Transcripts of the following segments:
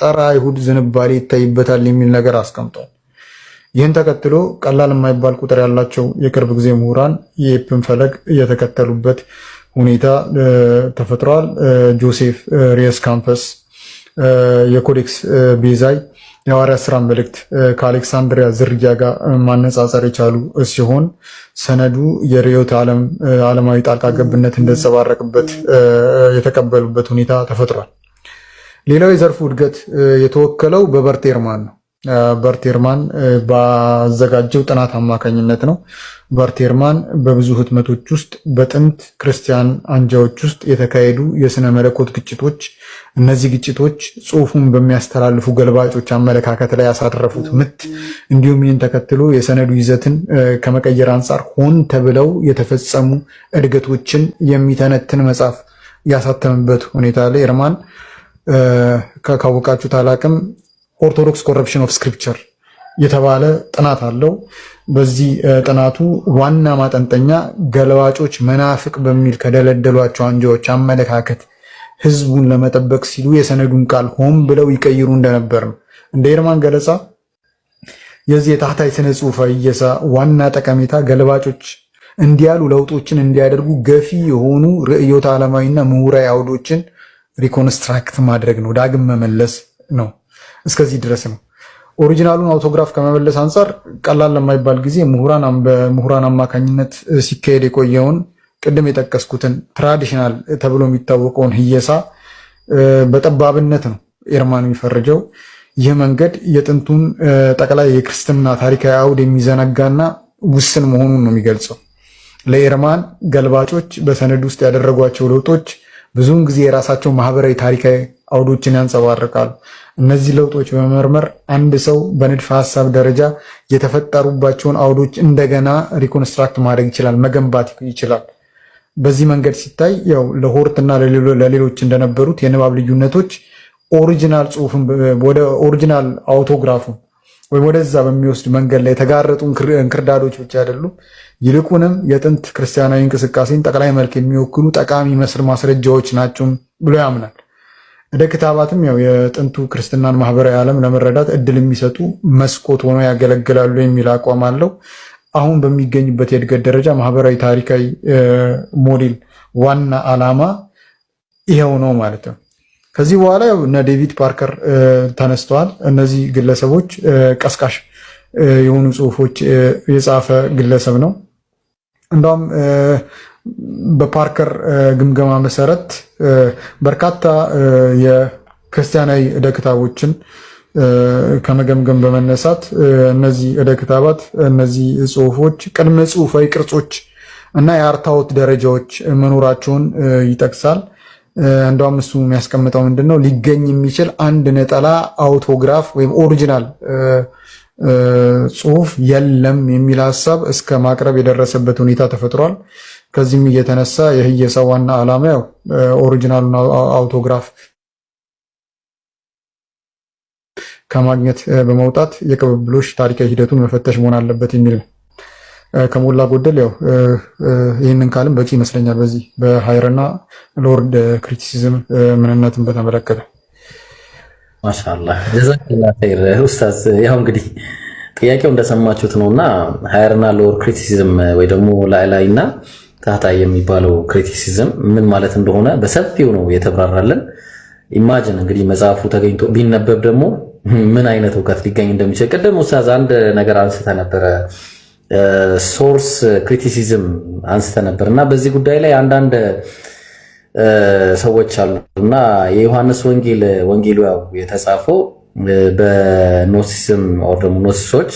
ጸረ አይሁድ ዝንባሌ ይታይበታል የሚል ነገር አስቀምጧል። ይህን ተከትሎ ቀላል የማይባል ቁጥር ያላቸው የቅርብ ጊዜ ምሁራን የኤፕን ፈለግ የተከተሉበት ሁኔታ ተፈጥሯል። ጆሴፍ ሪየስ ካምፐስ የኮዴክስ ቤዛይ የሐዋርያት ስራ መልእክት ከአሌክሳንድሪያ ዝርያ ጋር ማነጻጸር የቻሉ ሲሆን ሰነዱ የርዕዮተ ዓለማዊ ጣልቃ ገብነት እንደተንጸባረቀበት የተቀበሉበት ሁኔታ ተፈጥሯል። ሌላው የዘርፉ እድገት የተወከለው በበርቴርማን ነው። በርቴርማን ባዘጋጀው ጥናት አማካኝነት ነው። በርቴርማን በብዙ ህትመቶች ውስጥ በጥንት ክርስቲያን አንጃዎች ውስጥ የተካሄዱ የስነ መለኮት ግጭቶች፣ እነዚህ ግጭቶች ጽሁፉን በሚያስተላልፉ ገልባጮች አመለካከት ላይ ያሳረፉት ምት፣ እንዲሁም ይህን ተከትሎ የሰነዱ ይዘትን ከመቀየር አንጻር ሆን ተብለው የተፈጸሙ እድገቶችን የሚተነትን መጽሐፍ ያሳተምበት ሁኔታ ላይ ርማን ካወቃችሁት አላቅም ኦርቶዶክስ ኮረፕሽን ኦፍ ስክሪፕቸር የተባለ ጥናት አለው። በዚህ ጥናቱ ዋና ማጠንጠኛ ገለዋጮች መናፍቅ በሚል ከደለደሏቸው አንጃዎች አመለካከት ህዝቡን ለመጠበቅ ሲሉ የሰነዱን ቃል ሆን ብለው ይቀይሩ እንደነበር ነው። እንደ ኤርማን ገለጻ የዚህ የታህታይ ስነ ጽሁፈ እየሳ ዋና ጠቀሜታ ገለባጮች እንዲያሉ ለውጦችን እንዲያደርጉ ገፊ የሆኑ ርዕዮተ ዓለማዊና ምሁራዊ አውዶችን ሪኮንስትራክት ማድረግ ነው፣ ዳግም መመለስ ነው። እስከዚህ ድረስ ነው። ኦሪጂናሉን አውቶግራፍ ከመመለስ አንጻር ቀላል ለማይባል ጊዜ በምሁራን አማካኝነት ሲካሄድ የቆየውን ቅድም የጠቀስኩትን ትራዲሽናል ተብሎ የሚታወቀውን ህየሳ በጠባብነት ነው ኤርማን የሚፈርጀው። ይህ መንገድ የጥንቱን ጠቅላይ የክርስትና ታሪካዊ አውድ የሚዘነጋና ውስን መሆኑን ነው የሚገልጸው። ለኤርማን ገልባጮች በሰነድ ውስጥ ያደረጓቸው ለውጦች ብዙውን ጊዜ የራሳቸው ማህበራዊ ታሪካዊ አውዶችን ያንጸባርቃሉ። እነዚህ ለውጦች በመመርመር አንድ ሰው በንድፈ ሀሳብ ደረጃ የተፈጠሩባቸውን አውዶች እንደገና ሪኮንስትራክት ማድረግ ይችላል፣ መገንባት ይችላል። በዚህ መንገድ ሲታይ ያው ለሆርት እና ለሌሎች እንደነበሩት የንባብ ልዩነቶች ኦሪጂናል ጽሁፍን ወደ ኦሪጂናል አውቶግራፉ ወይም ወደዛ በሚወስድ መንገድ ላይ የተጋረጡ እንክርዳዶች ብቻ አይደሉም ይልቁንም የጥንት ክርስቲያናዊ እንቅስቃሴን ጠቅላይ መልክ የሚወክሉ ጠቃሚ መስር ማስረጃዎች ናቸው ብሎ ያምናል። እደ ክታባትም ያው የጥንቱ ክርስትናን ማህበራዊ ዓለም ለመረዳት እድል የሚሰጡ መስኮት ሆኖ ያገለግላሉ የሚል አቋም አለው። አሁን በሚገኝበት የእድገት ደረጃ ማህበራዊ ታሪካዊ ሞዴል ዋና ዓላማ ይኸው ነው ማለት ነው። ከዚህ በኋላ እነ ዴቪድ ፓርከር ተነስተዋል። እነዚህ ግለሰቦች ቀስቃሽ የሆኑ ጽሁፎች የጻፈ ግለሰብ ነው። እንደውም በፓርከር ግምገማ መሰረት በርካታ የክርስቲያናዊ እደ ክታቦችን ከመገምገም በመነሳት እነዚህ እደ ክታባት እነዚህ ጽሁፎች ቅድመ ጽሁፋዊ ቅርጾች እና የአርታዎት ደረጃዎች መኖራቸውን ይጠቅሳል። እንደውም እሱ የሚያስቀምጠው ምንድን ነው ሊገኝ የሚችል አንድ ነጠላ አውቶግራፍ ወይም ኦሪጂናል ጽሁፍ የለም የሚል ሀሳብ እስከ ማቅረብ የደረሰበት ሁኔታ ተፈጥሯል። ከዚህም እየተነሳ የህየሳ ዋና ዓላማ ያው ኦሪጂናሉን አውቶግራፍ ከማግኘት በመውጣት የቅብብሎሽ ታሪካዊ ሂደቱን መፈተሽ መሆን አለበት የሚል ነው። ከሞላ ጎደል ያው ይህንን ካልም በቂ ይመስለኛል። በዚህ በሀይርና ሎርድ ክሪቲሲዝም ምንነትን በተመለከተ ማሻላ ጀዛክላ ኸይር ኡስታዝ። ያው እንግዲህ ጥያቄው እንደሰማችሁት እና ሀየርና ሎወር ክሪቲሲዝም ወይ ደግሞ ላይ ላይ እና ታህታይ የሚባለው ክሪቲሲዝም ምን ማለት እንደሆነ በሰፊው ነው የተብራራለን። ኢማጅን እንግዲህ መጽሐፉ ተገኝቶ ቢነበብ ደግሞ ምን አይነት እውቀት ሊገኝ እንደሚችል ቅድም ኡስታዝ አንድ ነገር አንስተ ነበረ፣ ሶርስ ክሪቲሲዝም አንስተ ነበር እና በዚህ ጉዳይ ላይ አንዳንድ ሰዎች አሉ እና የዮሐንስ ወንጌል ወንጌሉ ያው የተጻፈው በኖሲስም ኦር ደግሞ ኖሲሶች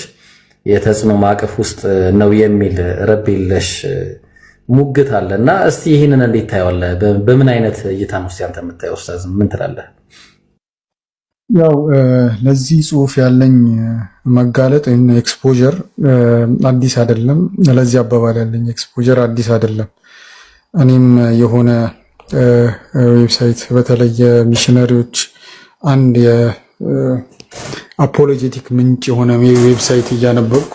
የተጽዕኖ ማዕቀፍ ውስጥ ነው የሚል ረብ የለሽ ሙግት አለ እና እስቲ ይህንን እንዴት ታየዋለህ? በምን አይነት እይታ ነው ያንተ አንተ የምታየው? ኡስታዝ ምን ትላለህ? ያው ለዚህ ጽሁፍ ያለኝ መጋለጥ ወይም ኤክስፖዠር አዲስ አይደለም። ለዚህ አባባል ያለኝ ኤክስፖዠር አዲስ አይደለም። እኔም የሆነ ዌብሳይት በተለይ የሚሽነሪዎች አንድ የአፖሎጀቲክ ምንጭ የሆነ ዌብሳይት እያነበብኩ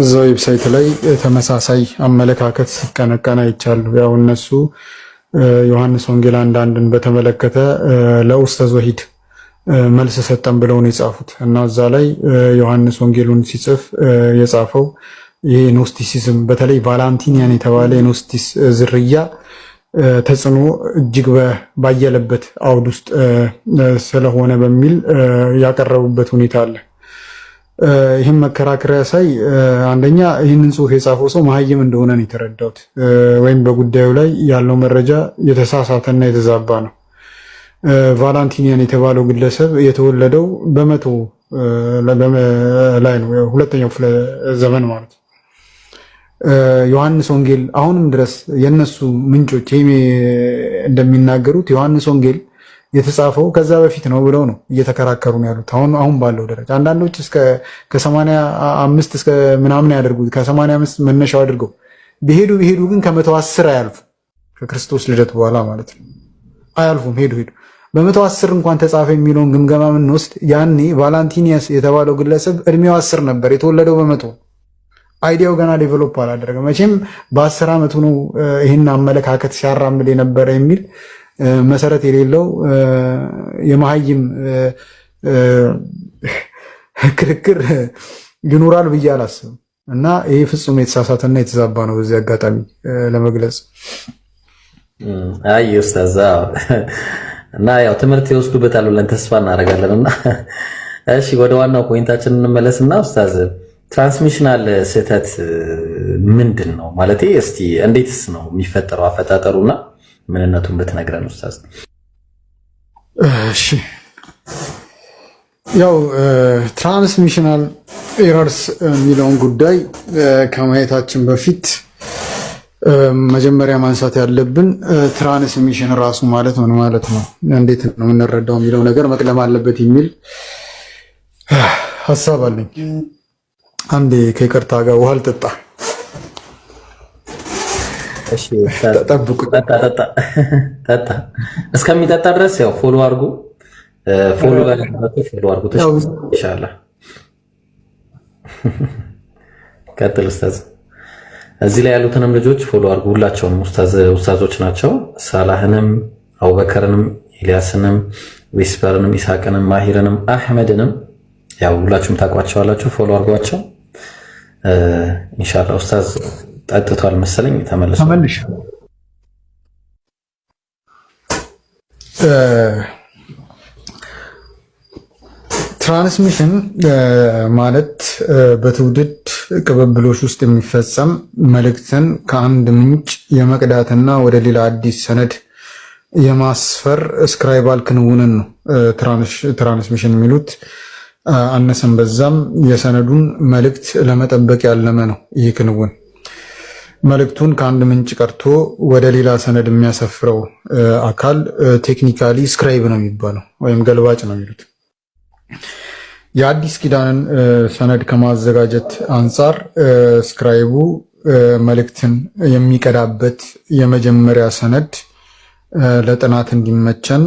እዛ ዌብሳይት ላይ ተመሳሳይ አመለካከት ሲቀነቀን አይቻለሁ። ያው እነሱ ዮሐንስ ወንጌል አንዳንድን በተመለከተ ለውስተ ዘሂድ መልስ ሰጠን ብለው ነው የጻፉት እና እዛ ላይ ዮሐንስ ወንጌሉን ሲጽፍ የጻፈው ይሄ ኖስቲሲዝም በተለይ ቫላንቲኒያን የተባለ የኖስቲስ ዝርያ ተጽዕኖ እጅግ ባየለበት አውድ ውስጥ ስለሆነ በሚል ያቀረቡበት ሁኔታ አለ። ይህም መከራከሪያ ሳይ አንደኛ ይህንን ጽሁፍ የጻፈው ሰው መሀይም እንደሆነ ነው የተረዳሁት፣ ወይም በጉዳዩ ላይ ያለው መረጃ የተሳሳተና የተዛባ ነው። ቫላንቲኒያን የተባለው ግለሰብ የተወለደው በመቶ ላይ ነው፣ ሁለተኛው ክፍለ ዘመን ማለት ነው። ዮሐንስ ወንጌል አሁንም ድረስ የነሱ ምንጮች እንደሚናገሩት ዮሐንስ ወንጌል የተጻፈው ከዛ በፊት ነው ብለው ነው እየተከራከሩ ነው ያሉት። አሁን አሁን ባለው ደረጃ አንዳንዶች እስከ ከሰማንያ አምስት እስከ ምናምን ያደርጉት ከሰማንያ አምስት መነሻው አድርገው ቢሄዱ ቢሄዱ ግን ከመቶ አስር አያልፉም። ከክርስቶስ ልደት በኋላ ማለት ነው አያልፉም። ሄዱ ሄዱ በመቶ አስር እንኳን ተጻፈ የሚለውን ግምገማ ምን ያኔ ቫላንቲኒያስ የተባለው ግለሰብ እድሜው አስር ነበር የተወለደው በመቶ አይዲያው ገና ዴቨሎፕ አላደረገ። መቼም በአስር ዓመቱ ነው ይህን አመለካከት ሲያራምድ የነበረ የሚል መሰረት የሌለው የመሀይም ክርክር ይኖራል ብዬ አላስብም እና ይሄ ፍጹም የተሳሳተና የተዛባ ነው። በዚህ አጋጣሚ ለመግለጽ አይ ኡስታዝ እና ያው ትምህርት ይወስዱበታል ብለን ተስፋ እናደርጋለን እና እሺ ወደ ዋናው ፖይንታችን እንመለስና ኡስታዝ ትራንስሚሽናል ስህተት ምንድን ነው ማለት እስቲ እንዴትስ ነው የሚፈጠረው? አፈጣጠሩና ምንነቱን ብትነግረን ኡስታዝ። እሺ ያው ትራንስሚሽናል ኤረርስ የሚለውን ጉዳይ ከማየታችን በፊት መጀመሪያ ማንሳት ያለብን ትራንስሚሽን ራሱ ማለት ምን ማለት ነው፣ እንዴት ነው የምንረዳው የሚለው ነገር መቅለም አለበት የሚል ሀሳብ አለኝ። አንዴ ከይቅርታ ጋር ውሃ ልጠጣ። እስከሚጠጣ ድረስ ያው ፎሎ አድርጉ። ፎሎ ፎሎ አድርጉ። ኢንሻላህ ቀጥል ኡስታዝ። እዚህ ላይ ያሉትንም ልጆች ፎሎ አድርጉ። ሁላቸውንም ኡስታዞች ናቸው። ሳላህንም፣ አቡበከርንም፣ ኢልያስንም፣ ዊስፐርንም፣ ኢስሐቅንም፣ ማሂርንም፣ አህመድንም ያው ሁላችሁም ታውቋቸዋላችሁ፣ ፎሎ አርጓቸው። ኢንሻላህ ኡስታዝ ጠጥቷል መሰለኝ ተመልሶ ተመልሽ ትራንስሚሽን ማለት በትውልድ ቅብብሎች ውስጥ የሚፈጸም መልእክትን ከአንድ ምንጭ የመቅዳትና ወደ ሌላ አዲስ ሰነድ የማስፈር ስክራይባል ክንውንን ነው ትራንስሚሽን የሚሉት። አነሰን በዛም የሰነዱን መልእክት ለመጠበቅ ያለመ ነው። ይህ ክንውን መልእክቱን ከአንድ ምንጭ ቀርቶ ወደ ሌላ ሰነድ የሚያሰፍረው አካል ቴክኒካሊ ስክራይብ ነው የሚባለው ወይም ገልባጭ ነው የሚሉት። የአዲስ ኪዳንን ሰነድ ከማዘጋጀት አንጻር ስክራይቡ መልእክትን የሚቀዳበት የመጀመሪያ ሰነድ ለጥናት እንዲመቸን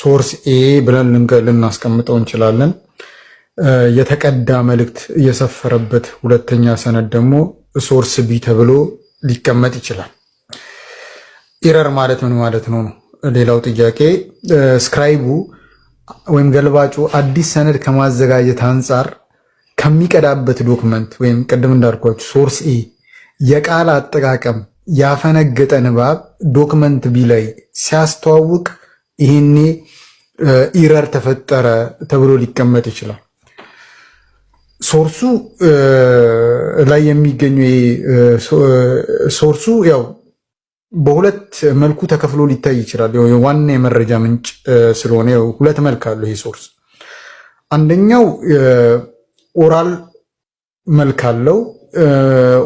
ሶርስ ኤ ብለን ልናስቀምጠው እንችላለን። የተቀዳ መልእክት የሰፈረበት ሁለተኛ ሰነድ ደግሞ ሶርስ ቢ ተብሎ ሊቀመጥ ይችላል። ኢረር ማለት ምን ማለት ነው? ሌላው ጥያቄ ስክራይቡ ወይም ገልባጩ አዲስ ሰነድ ከማዘጋጀት አንጻር ከሚቀዳበት ዶክመንት ወይም ቅድም እንዳልኳችሁ ሶርስ ኤ የቃል አጠቃቀም ያፈነገጠ ንባብ ዶክመንት ቢ ላይ ሲያስተዋውቅ ይህኔ ኢረር ተፈጠረ ተብሎ ሊቀመጥ ይችላል። ሶርሱ ላይ የሚገኙ ሶርሱ ያው በሁለት መልኩ ተከፍሎ ሊታይ ይችላል። ዋና የመረጃ ምንጭ ስለሆነ ሁለት መልክ አለው ይህ ሶርስ። አንደኛው ኦራል መልክ አለው።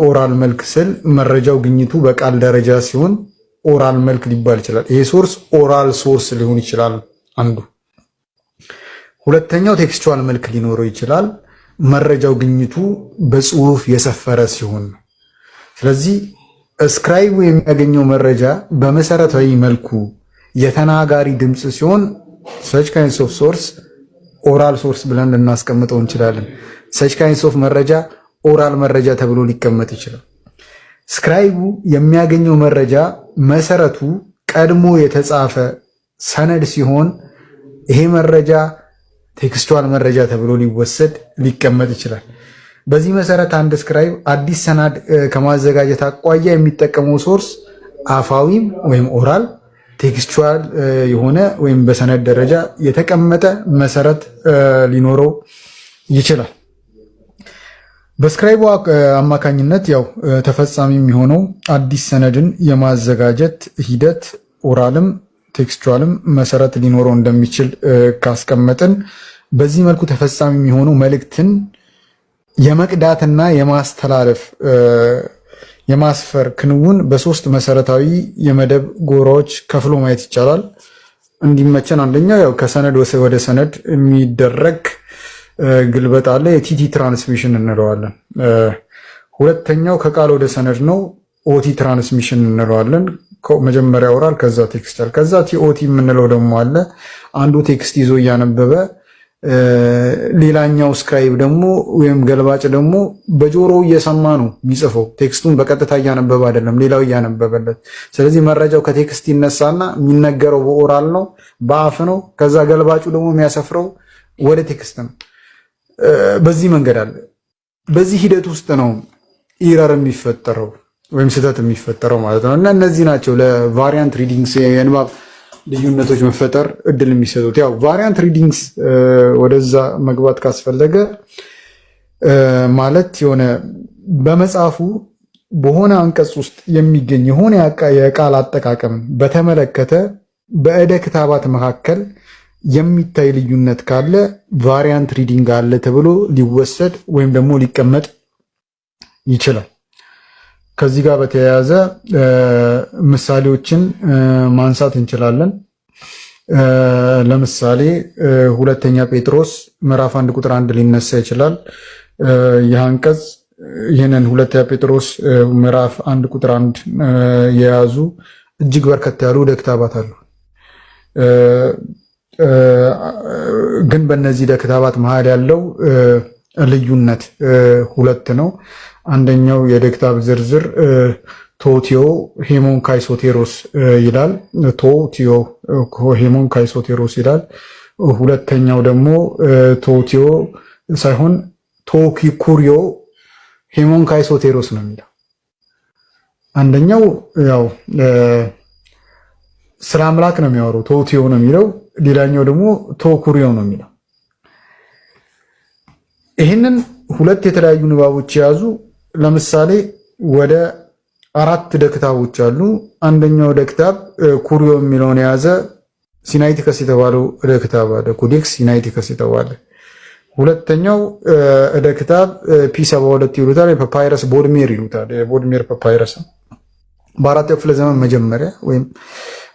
ኦራል መልክ ስል መረጃው ግኝቱ በቃል ደረጃ ሲሆን ኦራል መልክ ሊባል ይችላል። ይሄ ሶርስ ኦራል ሶርስ ሊሆን ይችላል አንዱ። ሁለተኛው ቴክስቹዋል መልክ ሊኖረው ይችላል። መረጃው ግኝቱ በጽሁፍ የሰፈረ ሲሆን ስለዚህ እስክራይቡ የሚያገኘው መረጃ በመሰረታዊ መልኩ የተናጋሪ ድምፅ ሲሆን ሰች ካይንስ ኦፍ ሶርስ ኦራል ሶርስ ብለን ልናስቀምጠው እንችላለን። ሰች ካይንስ ኦፍ መረጃ ኦራል መረጃ ተብሎ ሊቀመጥ ይችላል። ስክራይቡ የሚያገኘው መረጃ መሰረቱ ቀድሞ የተጻፈ ሰነድ ሲሆን ይሄ መረጃ ቴክስቷል መረጃ ተብሎ ሊወሰድ ሊቀመጥ ይችላል። በዚህ መሰረት አንድ ስክራይብ አዲስ ሰነድ ከማዘጋጀት አቋያ የሚጠቀመው ሶርስ አፋዊም ወይም ኦራል ቴክስቹዋል የሆነ ወይም በሰነድ ደረጃ የተቀመጠ መሰረት ሊኖረው ይችላል። በስክራይቡ አማካኝነት ያው ተፈጻሚ የሚሆነው አዲስ ሰነድን የማዘጋጀት ሂደት ኦራልም ቴክስቹዋልም መሰረት ሊኖረው እንደሚችል ካስቀመጥን በዚህ መልኩ ተፈጻሚ የሚሆኑ መልእክትን የመቅዳትና የማስተላለፍ የማስፈር ክንውን በሶስት መሰረታዊ የመደብ ጎራዎች ከፍሎ ማየት ይቻላል። እንዲመቸን አንደኛው ያው ከሰነድ ወደ ሰነድ የሚደረግ ግልበት አለ፣ የቲቲ ትራንስሚሽን እንለዋለን። ሁለተኛው ከቃል ወደ ሰነድ ነው፣ ኦቲ ትራንስሚሽን እንለዋለን። መጀመሪያ ኦራል ከዛ ቴክስታል ከዛ ቲኦቲ የምንለው ደግሞ አለ። አንዱ ቴክስት ይዞ እያነበበ ሌላኛው ስክራይብ ደግሞ ወይም ገልባጭ ደግሞ በጆሮ እየሰማ ነው የሚጽፈው። ቴክስቱን በቀጥታ እያነበበ አይደለም፣ ሌላው እያነበበለት። ስለዚህ መረጃው ከቴክስት ይነሳና የሚነገረው በኦራል ነው፣ በአፍ ነው። ከዛ ገልባጩ ደግሞ የሚያሰፍረው ወደ ቴክስት ነው። በዚህ መንገድ አለ። በዚህ ሂደት ውስጥ ነው ኢረር የሚፈጠረው። ወይም ስህተት የሚፈጠረው ማለት ነው። እና እነዚህ ናቸው ለቫሪያንት ሪዲንግስ የንባብ ልዩነቶች መፈጠር እድል የሚሰጡት። ያው ቫሪያንት ሪዲንግስ ወደዛ መግባት ካስፈለገ ማለት የሆነ በመጽሐፉ በሆነ አንቀጽ ውስጥ የሚገኝ የሆነ የቃል አጠቃቀም በተመለከተ በእደ ክታባት መካከል የሚታይ ልዩነት ካለ ቫሪያንት ሪዲንግ አለ ተብሎ ሊወሰድ ወይም ደግሞ ሊቀመጥ ይችላል። ከዚህ ጋር በተያያዘ ምሳሌዎችን ማንሳት እንችላለን። ለምሳሌ ሁለተኛ ጴጥሮስ ምዕራፍ አንድ ቁጥር አንድ ሊነሳ ይችላል። ይህ አንቀጽ ይህንን ሁለተኛ ጴጥሮስ ምዕራፍ አንድ ቁጥር አንድ የያዙ እጅግ በርከት ያሉ ደክታባት አሉ። ግን በእነዚህ ደክታባት መሀል ያለው ልዩነት ሁለት ነው። አንደኛው የደክታብ ዝርዝር ቶቲዮ ሄሞን ካይሶቴሮስ ይላል። ቶቲዮ ሄሞን ካይሶቴሮስ ይላል። ሁለተኛው ደግሞ ቶቲዮ ሳይሆን ኩሪዮ ሄሞን ካይሶቴሮስ ነው የሚለው። አንደኛው ያው ስለ አምላክ ነው የሚያወረው ቶቲዮ ነው የሚለው። ሌላኛው ደግሞ ቶኩሪዮ ነው የሚለው። ይህንን ሁለት የተለያዩ ንባቦች የያዙ ለምሳሌ ወደ አራት ደክታቦች አሉ። አንደኛው ደክታብ ኩሪዮ የሚለውን የያዘ ሲናይቲከስ የተባለው ደክታብ አለ። ኮዴክስ ሲናይቲከስ የተባለ ሁለተኛው ደክታብ ፒ ሰባ ሁለት ይሉታል። ፓፓይረስ ቦድሜር ይሉታል። ቦድሜር ፓፓይረስ በአራት ክፍለ ዘመን መጀመሪያ ወይም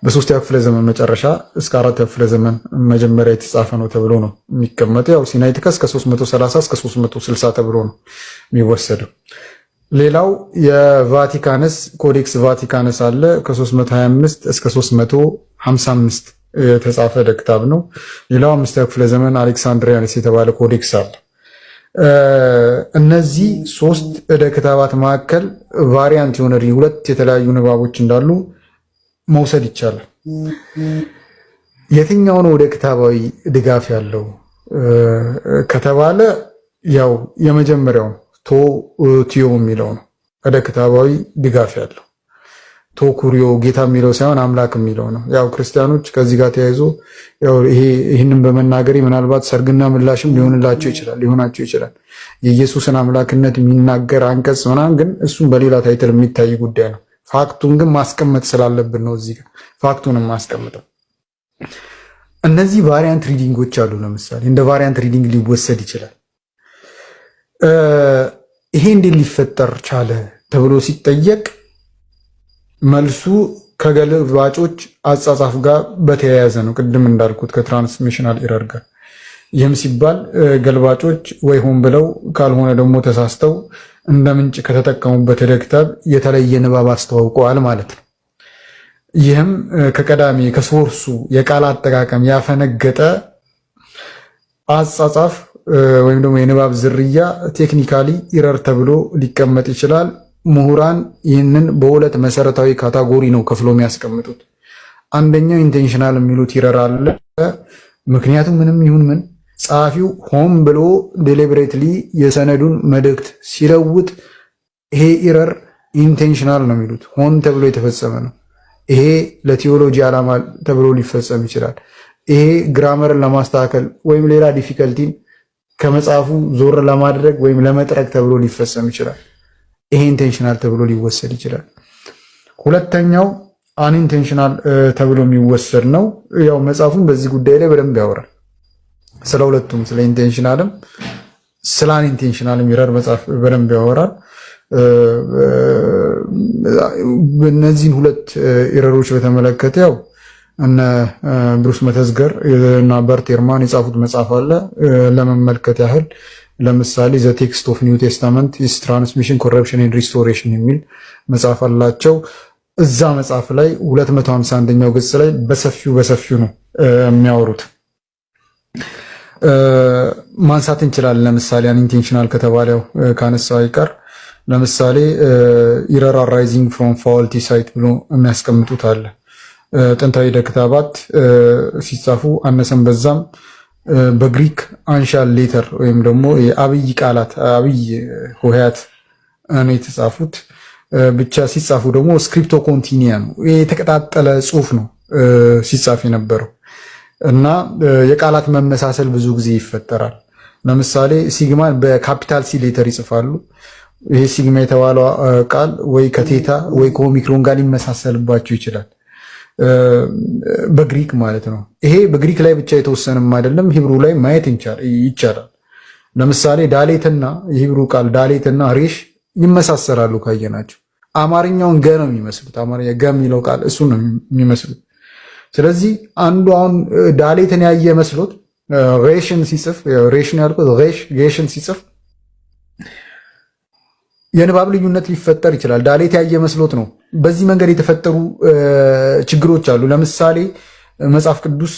በሶስተኛ ክፍለ ዘመን መጨረሻ እስከ አራተኛ ክፍለ ዘመን መጀመሪያ የተጻፈ ነው ተብሎ ነው የሚቀመጠው። ያው ሲናይቲካ እስከ 330 እስከ 360 ተብሎ ነው የሚወሰደው። ሌላው የቫቲካንስ ኮዴክስ ቫቲካንስ አለ ከ325 እስከ 355 የተጻፈ ደክታብ ነው። ሌላው አምስተኛ ክፍለ ዘመን አሌክሳንድሪያንስ የተባለ ኮዴክስ አለ። እነዚህ ሶስት እደ ክታባት መካከል ቫሪያንት የሆነ ሁለት የተለያዩ ንባቦች እንዳሉ መውሰድ ይቻላል። የትኛው ነው ወደ ክታባዊ ድጋፍ ያለው ከተባለ ያው የመጀመሪያው ቶ ቲዮ የሚለው ነው ወደ ክታባዊ ድጋፍ ያለው። ቶ ኩሪዮ ጌታ የሚለው ሳይሆን አምላክ የሚለው ነው። ያው ክርስቲያኖች ከዚህ ጋር ተያይዞ ይህንን በመናገር ምናልባት ሰርግና ምላሽም ሊሆንላቸው ይችላል ሊሆናቸው ይችላል። የኢየሱስን አምላክነት የሚናገር አንቀጽ ምናምን፣ ግን እሱም በሌላ ታይትል የሚታይ ጉዳይ ነው። ፋክቱን ግን ማስቀመጥ ስላለብን ነው እዚህ ጋር ፋክቱን ማስቀምጠው። እነዚህ ቫሪያንት ሪዲንጎች አሉ። ለምሳሌ እንደ ቫሪያንት ሪዲንግ ሊወሰድ ይችላል። ይሄ እንዴት ሊፈጠር ቻለ ተብሎ ሲጠየቅ መልሱ ከገልባጮች አጻጻፍ ጋር በተያያዘ ነው። ቅድም እንዳልኩት ከትራንስሚሽናል ኤረር ጋር ይህም ሲባል ገልባጮች ወይ ሆን ብለው ካልሆነ ደግሞ ተሳስተው እንደ ምንጭ ከተጠቀሙበት ክታብ የተለየ ንባብ አስተዋውቀዋል ማለት ነው። ይህም ከቀዳሚ ከሶርሱ የቃል አጠቃቀም ያፈነገጠ አጻጻፍ ወይም ደግሞ የንባብ ዝርያ ቴክኒካሊ ኢረር ተብሎ ሊቀመጥ ይችላል። ምሁራን ይህንን በሁለት መሰረታዊ ካታጎሪ ነው ከፍሎ የሚያስቀምጡት። አንደኛው ኢንቴንሽናል የሚሉት ኢረር አለ። ምክንያቱም ምንም ይሁን ምን ጸሐፊው ሆን ብሎ ዴሊብሬትሊ የሰነዱን መልእክት ሲለውጥ ይሄ ኢረር ኢንቴንሽናል ነው የሚሉት ሆን ተብሎ የተፈጸመ ነው። ይሄ ለቴዎሎጂ ዓላማ ተብሎ ሊፈጸም ይችላል። ይሄ ግራመርን ለማስተካከል ወይም ሌላ ዲፊከልቲን ከመጽሐፉ ዞር ለማድረግ ወይም ለመጥረግ ተብሎ ሊፈጸም ይችላል። ይሄ ኢንቴንሽናል ተብሎ ሊወሰድ ይችላል። ሁለተኛው አንኢንቴንሽናል ተብሎ የሚወሰድ ነው። ያው መጽሐፉን በዚህ ጉዳይ ላይ በደንብ ያወራል። ስለ ሁለቱም ስለ ኢንቴንሽናልም ስለ ኢንቴንሽናል ሚረር መጽሐፍ በደንብ ያወራል። እነዚህን ሁለት ኢረሮች በተመለከተ ያው እነ ብሩስ መተዝገር እና በርት ኤርማን የጻፉት መጽሐፍ አለ። ለመመልከት ያህል ለምሳሌ ዘ ቴክስት ኦፍ ኒው ቴስታመንት ኢስ ትራንስሚሽን ኮረፕሽን ኤንድ ሪስቶሬሽን የሚል መጽሐፍ አላቸው። እዛ መጽሐፍ ላይ 251ኛው ገጽ ላይ በሰፊው በሰፊው ነው የሚያወሩት። ማንሳት እንችላለን። ለምሳሌ አንኢንቴንሽናል ከተባለው ከአነሳ አይቀር ለምሳሌ ኢረር አራይዚንግ ፍሮም ፋውልቲ ሳይት ብሎ የሚያስቀምጡት አለ። ጥንታዊ ደክታባት ሲጻፉ አነሰን በዛም በግሪክ አንሻል ሌተር ወይም ደግሞ የአብይ ቃላት አብይ ሆሄያት ነው የተጻፉት። ብቻ ሲጻፉ ደግሞ ስክሪፕቶ ኮንቲኒያ ነው የተቀጣጠለ ጽሁፍ ነው ሲጻፍ የነበረው። እና የቃላት መመሳሰል ብዙ ጊዜ ይፈጠራል። ለምሳሌ ሲግማን በካፒታል ሲ ሌተር ይጽፋሉ። ይሄ ሲግማ የተባለው ቃል ወይ ከቴታ ወይ ከኦሚክሮን ጋር ሊመሳሰልባቸው ይችላል። በግሪክ ማለት ነው። ይሄ በግሪክ ላይ ብቻ የተወሰነም አይደለም፣ ሂብሩ ላይ ማየት ይቻላል። ለምሳሌ ዳሌትና የሂብሩ ቃል ዳሌትና ሬሽ ይመሳሰላሉ ካየናቸው። አማርኛውን ገ ነው የሚመስሉት። አማርኛ ገ የሚለው ቃል እሱ ነው የሚመስሉት። ስለዚህ አንዱ አሁን ዳሌትን ያየ መስሎት ሬሽን ሲጽፍ ሬሽን ያልኩት ሬሽን ሲጽፍ የንባብ ልዩነት ሊፈጠር ይችላል። ዳሌት ያየ መስሎት ነው። በዚህ መንገድ የተፈጠሩ ችግሮች አሉ። ለምሳሌ መጽሐፍ ቅዱስ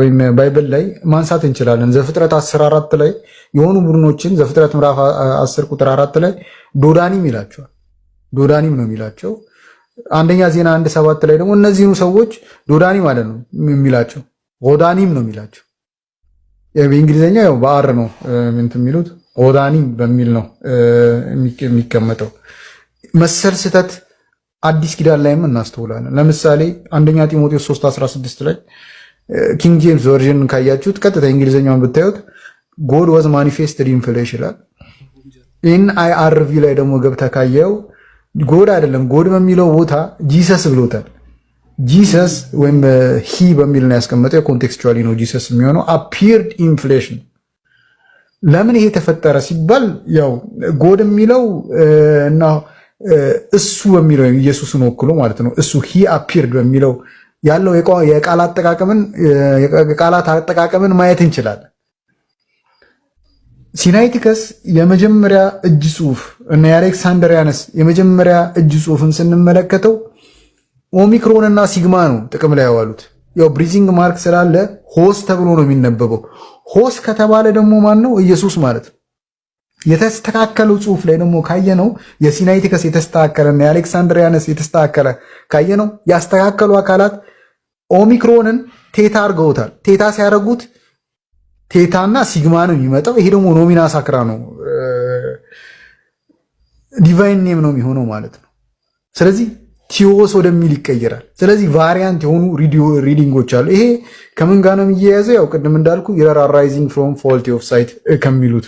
ወይም ባይብል ላይ ማንሳት እንችላለን። ዘፍጥረት 14 ላይ የሆኑ ቡድኖችን ዘፍጥረት ምዕራፍ 10 ቁጥር 4 ላይ ዶዳኒም ይላቸዋል። ዶዳኒም ነው የሚላቸው አንደኛ ዜና አንድ ሰባት ላይ ደግሞ እነዚህኑ ሰዎች ዶዳኒ ማለት ነው የሚላቸው ዳኒም ነው የሚላቸው። በእንግሊዝኛ ያው በአር ነው ምንት የሚሉት ጎዳኒም በሚል ነው የሚቀመጠው። መሰል ስህተት አዲስ ኪዳን ላይም እናስተውላለን። ለምሳሌ አንደኛ ጢሞቴዎስ 3:16 ላይ ኪንግ ጄምስ ቨርዥን ካያችሁት ቀጥታ እንግሊዝኛውን ብታዩት ጎድ ወዝ ማኒፌስትድ ኢን ፍሌሽ ይላል። ኤን አይ አር ቪ ላይ ደግሞ ገብተህ ካየው ጎድ አይደለም። ጎድ በሚለው ቦታ ጂሰስ ብሎታል። ጂሰስ ወይም ሂ በሚል ነው ያስቀመጠው። የኮንቴክስቹዋሊ ነው ጂሰስ የሚሆነው። አፒርድ ኢንፍሌሽን ለምን ይሄ ተፈጠረ ሲባል ያው ጎድ የሚለው እና እሱ በሚለው ኢየሱስን ወክሎ ማለት ነው። እሱ ሂ አፒርድ በሚለው ያለው የቃል አጠቃቀምን ማየት እንችላለን። ሲናይቲከስ የመጀመሪያ እጅ ጽሁፍ እና የአሌክሳንደሪያነስ የመጀመሪያ እጅ ጽሁፍን ስንመለከተው ኦሚክሮን እና ሲግማ ነው ጥቅም ላይ ያዋሉት። ያው ብሪዚንግ ማርክ ስላለ ሆስ ተብሎ ነው የሚነበበው። ሆስ ከተባለ ደግሞ ማን ነው? ኢየሱስ ማለት ነው። የተስተካከለው ጽሁፍ ላይ ደግሞ ካየነው የሲናይቲከስ የተስተካከለና የአሌክሳንድሪያነስ የተስተካከለ ካየነው ያስተካከሉ አካላት ኦሚክሮንን ቴታ አድርገውታል። ቴታ ሲያደርጉት ቴታና ሲግማ ነው የሚመጣው። ይሄ ደግሞ ኖሚና ሳክራ ነው፣ ዲቫይን ኔም ነው የሚሆነው ማለት ነው። ስለዚህ ቲዎስ ወደሚል ይቀየራል። ስለዚህ ቫሪያንት የሆኑ ሪዲንጎች አሉ። ይሄ ከምን ጋር ነው የሚያያዘው? ያው ቅድም እንዳልኩ ኤረር አራይዚንግ ፍሮም ፎልቲ ኦፍ ሳይት ከሚሉት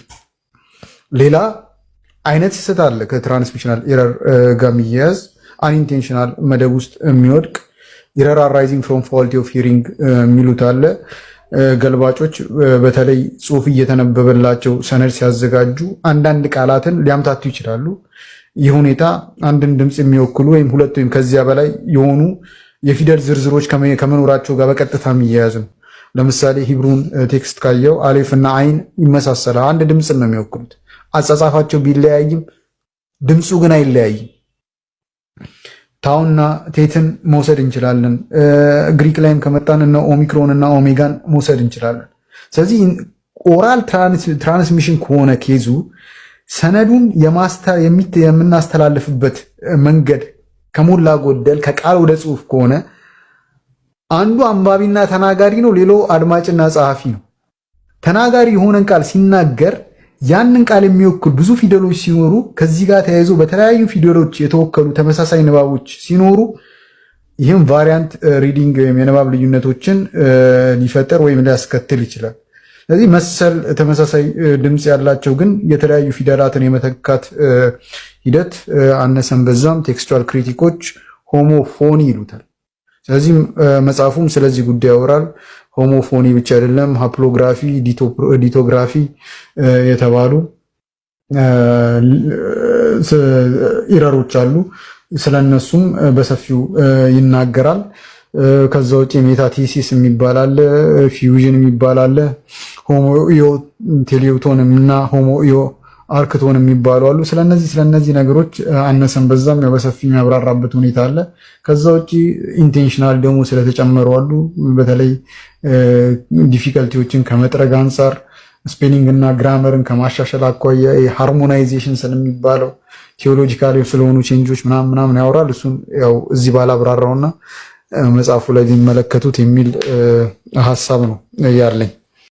ሌላ አይነት ስህተት አለ ከትራንስሚሽናል ኤረር ጋር የሚያያዝ አንኢንቴንሽናል መደብ ውስጥ የሚወድቅ ኤረር አራይዚንግ ፍሮም ፎልቲ ኦፍ ሂሪንግ የሚሉት አለ። ገልባጮች በተለይ ጽሁፍ እየተነበበላቸው ሰነድ ሲያዘጋጁ አንዳንድ ቃላትን ሊያምታቱ ይችላሉ። ይህ ሁኔታ አንድን ድምፅ የሚወክሉ ወይም ሁለት ወይም ከዚያ በላይ የሆኑ የፊደል ዝርዝሮች ከመኖራቸው ጋር በቀጥታ የሚያያዝ ነው። ለምሳሌ ሂብሩን ቴክስት ካየው አሌፍ እና አይን ይመሳሰላል። አንድ ድምፅን ነው የሚወክሉት። አጻጻፋቸው ቢለያይም ድምፁ ግን አይለያይም። ታውና ቴትን መውሰድ እንችላለን። ግሪክ ላይም ከመጣን እነ ኦሚክሮን እና ኦሜጋን መውሰድ እንችላለን። ስለዚህ ኦራል ትራንስሚሽን ከሆነ ኬዙ ሰነዱን የምናስተላልፍበት መንገድ ከሞላ ጎደል ከቃል ወደ ጽሁፍ ከሆነ አንዱ አንባቢና ተናጋሪ ነው፣ ሌላው አድማጭና ጸሐፊ ነው። ተናጋሪ የሆነን ቃል ሲናገር ያንን ቃል የሚወክሉ ብዙ ፊደሎች ሲኖሩ ከዚህ ጋር ተያይዞ በተለያዩ ፊደሎች የተወከሉ ተመሳሳይ ንባቦች ሲኖሩ ይህም ቫሪያንት ሪዲንግ ወይም የንባብ ልዩነቶችን ሊፈጠር ወይም ሊያስከትል ይችላል። ስለዚህ መሰል ተመሳሳይ ድምፅ ያላቸው ግን የተለያዩ ፊደላትን የመተካት ሂደት አነሰን በዛም ቴክስቹዋል ክሪቲኮች ሆሞፎኒ ይሉታል። ስለዚህ መጽሐፉም ስለዚህ ጉዳይ ያወራል። ሆሞፎኒ ብቻ አይደለም፣ ሃፕሎግራፊ፣ ዲቶግራፊ የተባሉ ኢረሮች አሉ። ስለነሱም በሰፊው ይናገራል። ከዛ ውጭ ሜታቲሲስ የሚባል አለ፣ ፊውዥን የሚባል አለ፣ ቴሌውቶንም እና ሆሞኢዮ አርክቶን የሚባሉ አሉ። ስለነዚህ ስለነዚህ ነገሮች አነሰን በዛም ያው በሰፊ የሚያብራራበት ሁኔታ አለ። ከዛ ውጭ ኢንቴንሽናል ደግሞ ስለተጨመሩ አሉ። በተለይ ዲፊከልቲዎችን ከመጥረግ አንጻር ስፔሊንግ እና ግራመርን ከማሻሻል አኳያ ሃርሞናይዜሽን ስለሚባለው ቴዎሎጂካል ስለሆኑ ቼንጆች ምናምን ምናምን ያወራል። እሱን ያው እዚህ ባላብራራውና መጽሐፉ ላይ ቢመለከቱት የሚል ሀሳብ ነው ያለኝ።